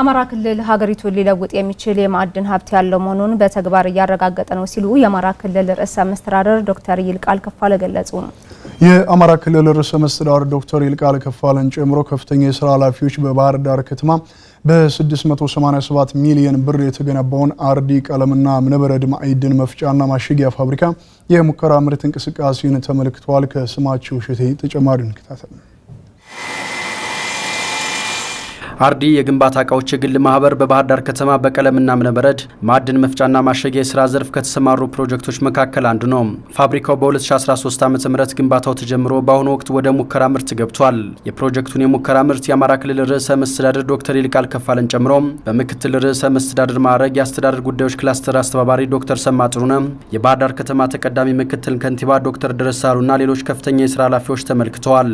አማራ ክልል ሀገሪቱን ሊለውጥ የሚችል የማዕድን ሀብት ያለው መሆኑን በተግባር እያረጋገጠ ነው ሲሉ የአማራ ክልል ርዕሰ መስተዳደር ዶክተር ይልቃል ከፋለ ገለጹ። የአማራ ክልል ርዕሰ መስተዳደር ዶክተር ይልቃል ከፋለን ጨምሮ ከፍተኛ የስራ ኃላፊዎች በባህር ዳር ከተማ በ687 ሚሊዮን ብር የተገነባውን አርዲ ቀለምና እምነበረድ ማዕድን መፍጫና ማሸጊያ ፋብሪካ የሙከራ ምርት እንቅስቃሴን ተመልክተዋል። ከስማቸው እሸቴ ተጨማሪ እንከታተል። አርዲ የግንባታ እቃዎች የግል ማህበር በባህር ዳር ከተማ በቀለምና እብነበረድ ማዕድን መፍጫና ማሸጊያ የስራ ዘርፍ ከተሰማሩ ፕሮጀክቶች መካከል አንዱ ነው። ፋብሪካው በ2013 ዓ ም ግንባታው ተጀምሮ በአሁኑ ወቅት ወደ ሙከራ ምርት ገብቷል። የፕሮጀክቱን የሙከራ ምርት የአማራ ክልል ርዕሰ መስተዳድር ዶክተር ይልቃል ከፋለን ጨምሮ በምክትል ርዕሰ መስተዳድር ማዕረግ የአስተዳደር ጉዳዮች ክላስተር አስተባባሪ ዶክተር ሰማ ጥሩነ፣ የባህር ዳር ከተማ ተቀዳሚ ምክትል ከንቲባ ዶክተር ድረስ ሌሎች ከፍተኛ የስራ ኃላፊዎች ተመልክተዋል።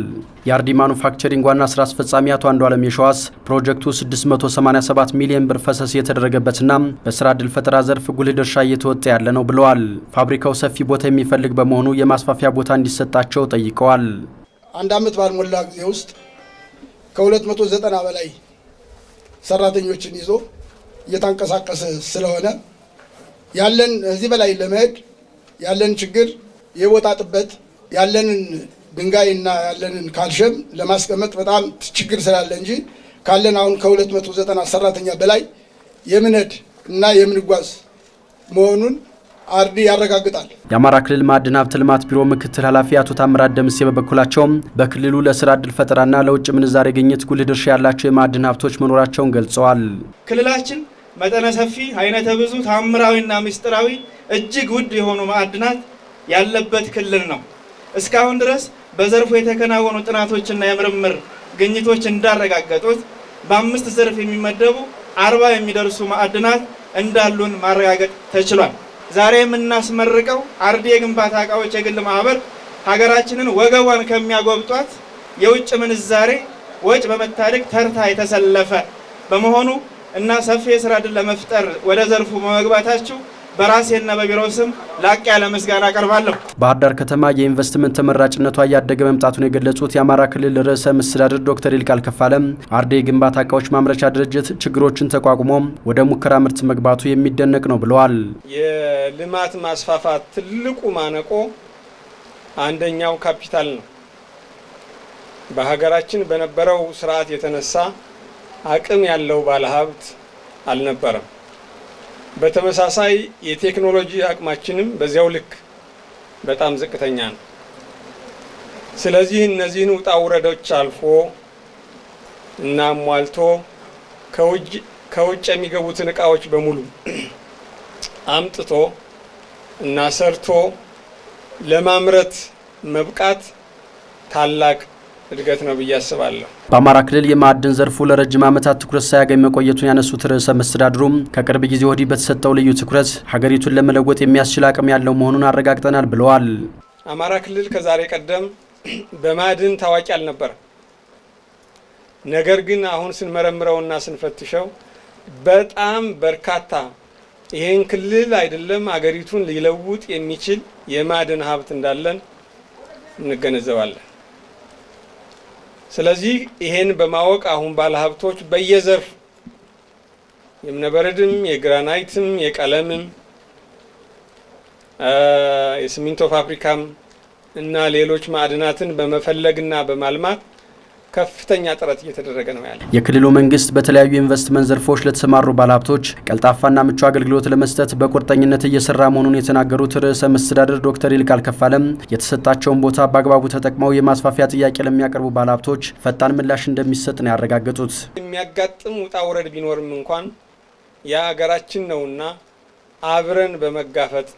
የአርዲ ማኑፋክቸሪንግ ዋና ስራ አስፈጻሚ አቶ አንዱ አለም የሸዋስ ፕሮጀክቱ 687 ሚሊዮን ብር ፈሰስ የተደረገበትና በስራ ዕድል ፈጠራ ዘርፍ ጉልህ ድርሻ እየተወጣ ያለ ነው ብለዋል። ፋብሪካው ሰፊ ቦታ የሚፈልግ በመሆኑ የማስፋፊያ ቦታ እንዲሰጣቸው ጠይቀዋል። አንድ ዓመት ባልሞላ ጊዜ ውስጥ ከ290 በላይ ሰራተኞችን ይዞ እየተንቀሳቀሰ ስለሆነ ያለን እዚህ በላይ ለመሄድ ያለን ችግር የቦታ ጥበት ያለንን ድንጋይና ያለንን ካልሸም ለማስቀመጥ በጣም ችግር ስላለ እንጂ ካለን አሁን ከ 290 ሰራተኛ በላይ የምነድ እና የምንጓዝ መሆኑን አርዲ ያረጋግጣል። የአማራ ክልል ማዕድን ሀብት ልማት ቢሮ ምክትል ኃላፊ አቶ ታምራት ደምሴ በበኩላቸው በክልሉ ለስራ እድል ፈጠራና ለውጭ ምንዛሬ ግኝት ጉልህ ድርሻ ያላቸው የማዕድን ሀብቶች መኖራቸውን ገልጸዋል። ክልላችን መጠነ ሰፊ አይነተ ብዙ ታምራዊና ምስጢራዊ እጅግ ውድ የሆኑ ማዕድናት ያለበት ክልል ነው። እስካሁን ድረስ በዘርፉ የተከናወኑ ጥናቶችና የምርምር ግኝቶች እንዳረጋገጡት በአምስት ዘርፍ የሚመደቡ አርባ የሚደርሱ ማዕድናት እንዳሉን ማረጋገጥ ተችሏል። ዛሬ የምናስመርቀው አርዲ የግንባታ እቃዎች የግል ማህበር ሀገራችንን ወገቧን ከሚያጎብጧት የውጭ ምንዛሬ ወጭ በመታደግ ተርታ የተሰለፈ በመሆኑ እና ሰፊ የስራ ዕድል ለመፍጠር ወደ ዘርፉ በመግባታችሁ በራሴና በቢሮው ስም ላቅ ያለ ምስጋና አቀርባለሁ። ባህር ዳር ከተማ የኢንቨስትመንት ተመራጭነቷ እያደገ መምጣቱን የገለጹት የአማራ ክልል ርዕሰ መስተዳድር ዶክተር ይልቃል ከፋለ አርዴ የግንባታ እቃዎች ማምረቻ ድርጅት ችግሮችን ተቋቁሞ ወደ ሙከራ ምርት መግባቱ የሚደነቅ ነው ብለዋል። የልማት ማስፋፋት ትልቁ ማነቆ አንደኛው ካፒታል ነው። በሀገራችን በነበረው ስርዓት የተነሳ አቅም ያለው ባለሀብት አልነበረም። በተመሳሳይ የቴክኖሎጂ አቅማችንም በዚያው ልክ በጣም ዝቅተኛ ነው። ስለዚህ እነዚህን ውጣ ውረዶች አልፎ እና ሟልቶ ከውጭ የሚገቡትን እቃዎች በሙሉ አምጥቶ እና ሰርቶ ለማምረት መብቃት ታላቅ እድገት ነው ብዬ አስባለሁ። በአማራ ክልል የማዕድን ዘርፉ ለረጅም ዓመታት ትኩረት ሳያገኝ መቆየቱን ያነሱት ርዕሰ መስተዳድሩም ከቅርብ ጊዜ ወዲህ በተሰጠው ልዩ ትኩረት ሀገሪቱን ለመለወጥ የሚያስችል አቅም ያለው መሆኑን አረጋግጠናል ብለዋል። አማራ ክልል ከዛሬ ቀደም በማዕድን ታዋቂ አልነበረ። ነገር ግን አሁን ስንመረምረውና ስንፈትሸው በጣም በርካታ ይህን ክልል አይደለም አገሪቱን ሊለውጥ የሚችል የማዕድን ሀብት እንዳለን እንገነዘባለን። ስለዚህ ይሄን በማወቅ አሁን ባለሀብቶች በየዘርፍ የእብነበረድም የግራናይትም የቀለምም የሲሚንቶ ፋብሪካም እና ሌሎች ማዕድናትን በመፈለግና በማልማት ከፍተኛ ጥረት እየተደረገ ነው ያለ የክልሉ መንግስት በተለያዩ ኢንቨስትመንት ዘርፎች ለተሰማሩ ባለሀብቶች ቀልጣፋና ምቹ አገልግሎት ለመስጠት በቁርጠኝነት እየሰራ መሆኑን የተናገሩት ርዕሰ መስተዳድር ዶክተር ይልቃል ከፋለም የተሰጣቸውን ቦታ በአግባቡ ተጠቅመው የማስፋፊያ ጥያቄ ለሚያቀርቡ ባለሀብቶች ፈጣን ምላሽ እንደሚሰጥ ነው ያረጋገጡት። የሚያጋጥም ውጣ ውረድ ቢኖርም እንኳን የሀገራችን ነውና አብረን በመጋፈጥ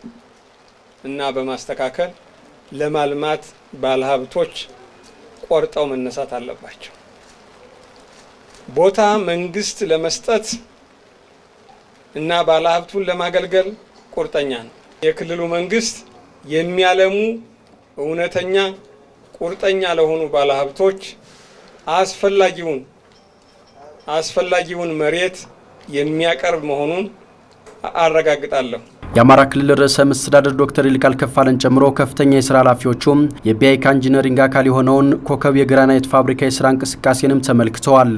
እና በማስተካከል ለማልማት ባለሀብቶች ቆርጠው መነሳት አለባቸው። ቦታ መንግስት ለመስጠት እና ባለሀብቱን ለማገልገል ቁርጠኛ ነው። የክልሉ መንግስት የሚያለሙ እውነተኛ ቁርጠኛ ለሆኑ ባለሀብቶች አስፈላጊውን አስፈላጊውን መሬት የሚያቀርብ መሆኑን አረጋግጣለሁ። የአማራ ክልል ርዕሰ መስተዳደር ዶክተር ይልቃል ከፋለን ጨምሮ ከፍተኛ የስራ ኃላፊዎቹም የቢአይካ ኢንጂነሪንግ አካል የሆነውን ኮከብ የግራናይት ፋብሪካ የስራ እንቅስቃሴንም ተመልክተዋል።